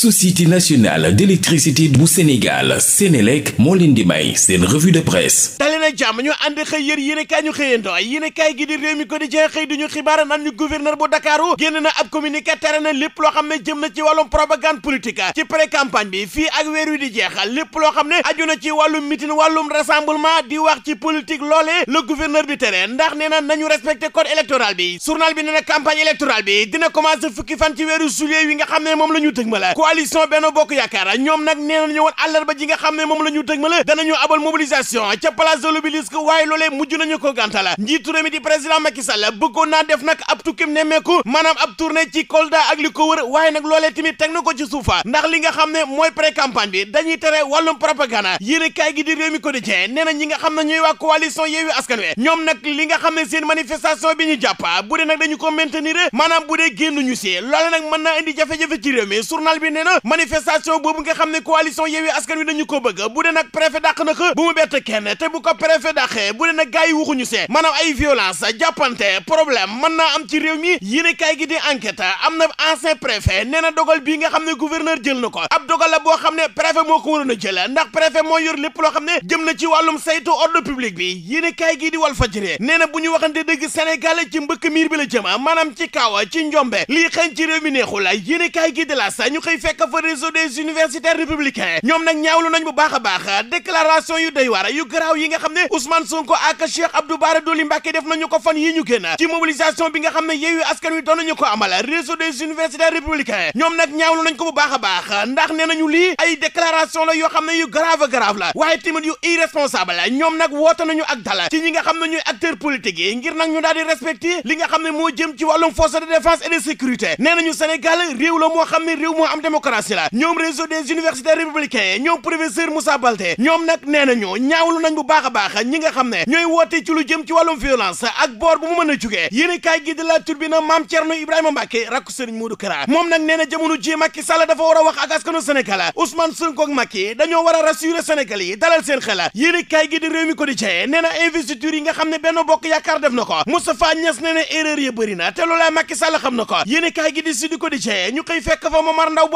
société nationale d'électricité bu Sénégal Sénélec moo leen di may seen revue de presse dali jàmm ñu ànd xëy yër yéenekaay ñu xëyando yéenekaay gi di réew mi quotidien xëy duñu xibaar naan ñu gouverneur bu Dakaaru génn na ab communiqué tere na lépp loo xam ne jëm na ci wàllum propagande politique ci pré-campagne bi fii ak weer wi di jeexal lépp loo xam ne aju na ci wàllum mitin wàllum rassemblement di wax ci politique loolee le gouverneur bi tere ndax nga xam ne moom la ñu tëg coalition Benno Bokk Yaakaar ñoom nag nee nañu woon àllarba ne moom la ñu dëgmale abal mobilisation ca place de l'Obélisque waaye loolee mujj nañu ko njiitu réew di président Macky Sall bëggoon naa def nag ab tukkim nemmeeku maanaam ab tournée ci Kolda ak wër waaye nag loolee tamit teg na ci suufa ndax li xam ne mooy pré campagne bi dañuy tere wàllum propagande yéene kaay gi di réew ko di cee nee na xam ne ñooy waa coalition nee na manifestation boobu nga xam ne coalition Yewwi Askan Wi dañu ko bëgg bu dee nag préfet dàq na bu mu bett kenn te bu ko préfet dàqee bu dee nag gars yi waxuñu see maanaam ay violence jàppante problème mën naa am ci réew mi yéene kaay gi di enquête am na ancien préfet nee na dogal bii nga xam ne gouverneur jël na ko ab dogal la boo xam ne préfet moo ko waroon a ndax préfet moo yor lépp loo xam ne jëm na ci wàllum saytu ordre public bi yéene kaay gi di Walf bu ñu waxante dëgg Sénégal ci mbëkk miir bi la jëm maanaam ci kaw ci mi neexul yéene kaay gi di la sa fekk fa réseau des universitaires ñoom nag ñaawlu nañ bu baax a baax yu doy yu garaaw yi nga xam ne Ousmane Sonko ak Cheikh Abdou Bara Dolly Mbacké def nañu ko fan yi ñu génn ci mobilisation bi nga xam ne yeewu askan wi doon nañu ko amal réseau des universitaires républicains ñoom nag ñaawlu nañ ko bu baax a baax ndax nee nañu lii ay déclaration la yoo xam ne yu grave grave la waaye tamit yu irresponsable la ñoom nag woote nañu ak dala démocratie la ñoom réseau des universités républicains ñoom professeur Moussa Balde ñoom nag nee nañu ñaawlu nañ bu baax a baax ñi nga xam ne ñooy woote ci jëm ci wàllum ak boor bu mu mën a jugee yéen i kaay gi de la turbine Ibrahima Mbacke rakku sëriñ Modou Kara moom nag nee na jamono ji dafa war wax ak askanu Sénégal Ousmane Sonko dañoo war a rassurer Sénégal yi dalal seen ko di jee nee na investiture nga xam ne benn bokk yaakaar def na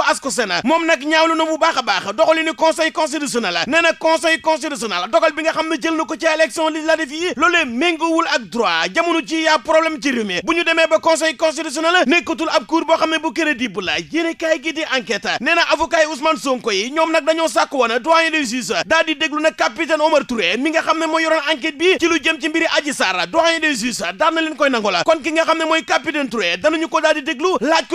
Ascosen moom nag ñaawlu na bu baax a baax doxalinu conseil constitutionnel nee na conseil constitutionnel dogal bi nga xam ne jël na ko ci élection législative yi loolee méngoowul ak droit jamono ci yaa problème ci bu ñu demee ba conseil constitutionnel nekkatul ab cour boo xam ne bu crédible la yéene kaay gi di enquête nee na avocat yi Ousmane Sonko yi ñoom nag dañoo sàkk woon doyen des juges daal di déglu nag capitaine Omar Touré mi nga xam ne mooy yoroon enquête bi ci jëm ci mbiri Adji Sarr doyen des juges kon ki nga xam ne mooy capitaine Touré danañu ko daal di déglu laaj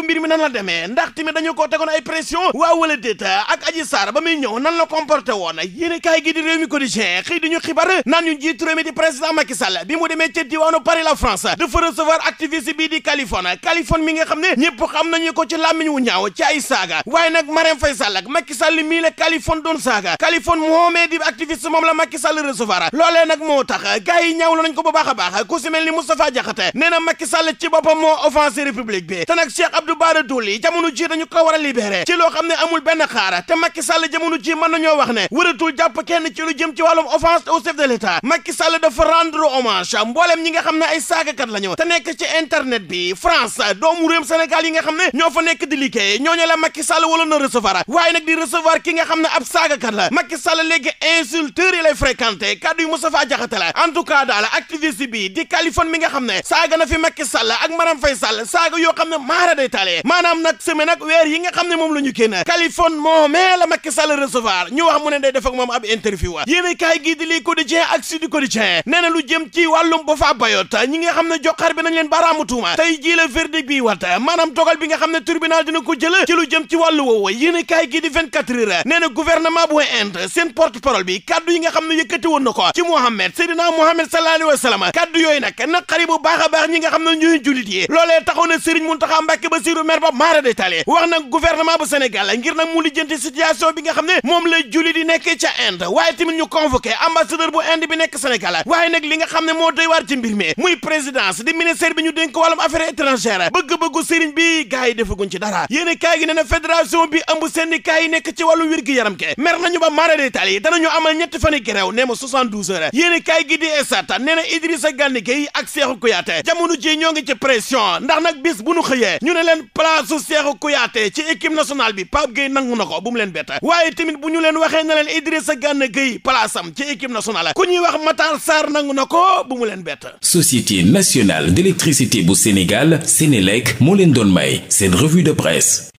demee ndax tamit dañu ay pression waaw wala déet ak Adji Sarr ba muy ñëw nan la comporté woon yéen kaay gi di réew mi quotidien xëy di ñu xibaar naan ñu njiit réew di président Macky bi mu demee ca diwaanu Paris la France dafa recevoir activiste di Californie Californie mi nga xam ne ñëpp xam nañu ko ci làmmiñ wu ñaaw ci ay saaga waaye nag Marème Faye Sall ak Macky Sall mii la doon saaga Californie moomee di activiste moom la Macky Sall loolee nag moo tax gars yi ñaawlu a Sall ci boppam moo offensé république bi te nag Cheikh Abdou Bara Dolly jamono ji dañu ko réere ci loo xam ne amul benn xaara te Macky Sall jamono ji mën nañoo wax ne wëratul jàpp kenn ci lu jëm ci wàllum offense au chef de l'État Macky Sall dafa rendre hommage mbooleem ñi nga xam ne ay saagakat la ñu te nekk ci internet bi France doomu réew Sénégal yi nga xam ne ñoo fa nekk di liggéey ñooñu la Macky Sall wala na recevoir waaye nag di recevoir ki nga xam ne ab saagakat la Macky Sall léegi insulteur yi lay fréquenté kaddu yu yi nga xam moom la ñu génn Kaliphone moomee la Macky Sall recevoir ñu wax mu ne day def ak moom ab interview yéen kaay gii di Le Quotidien ak Sud Quotidien nee na lu jëm ci wàllum ba fa bayot ñi nga xam ne joxaar bi nañ leen baaraamu tuuma tey jii la verdict bi wat maanaam dogal bi nga xam ne tribunal dina ko jël ci lu jëm ci wàllu woowu yéen kaay gii di 24 heures nee na gouvernement bu Inde seen porte bi kaddu yi a baax ñi nga xam ne ñooy jullit yi loolee gouvernement bu Sénégal ngir nag mu lijjanti situation bi nga xam ne moom la julli di nekkee ca Inde waaye tamit ñu convoqué ambassadeur bu Inde bi nekk Sénégal waaye nag li nga xam ne moo doy waar ci mbir mi muy présidence di ministère bi ñu dénk wàllum affaires étrangères bëgg-bëggu sëriñ bi gars yi defaguñ dara yéen kaay gi nee na bi ëmb syndicat yi nekk ci wàllu wér yaram ke mer nañu ba mara détail yi danañu amal ñetti fan yi nee ma 72 heures nationale bi Pape nangu na ko bu leen bett waaye tamit bu ñu leen waxee na leen Idrissa Gana Gueye place am ci équipe nationale ku ñuy wax Matar Sarr nangu na ko bu mu leen bett Société nationale d'électricité bu Sénégal Sénélec moo leen doon may seen revue de presse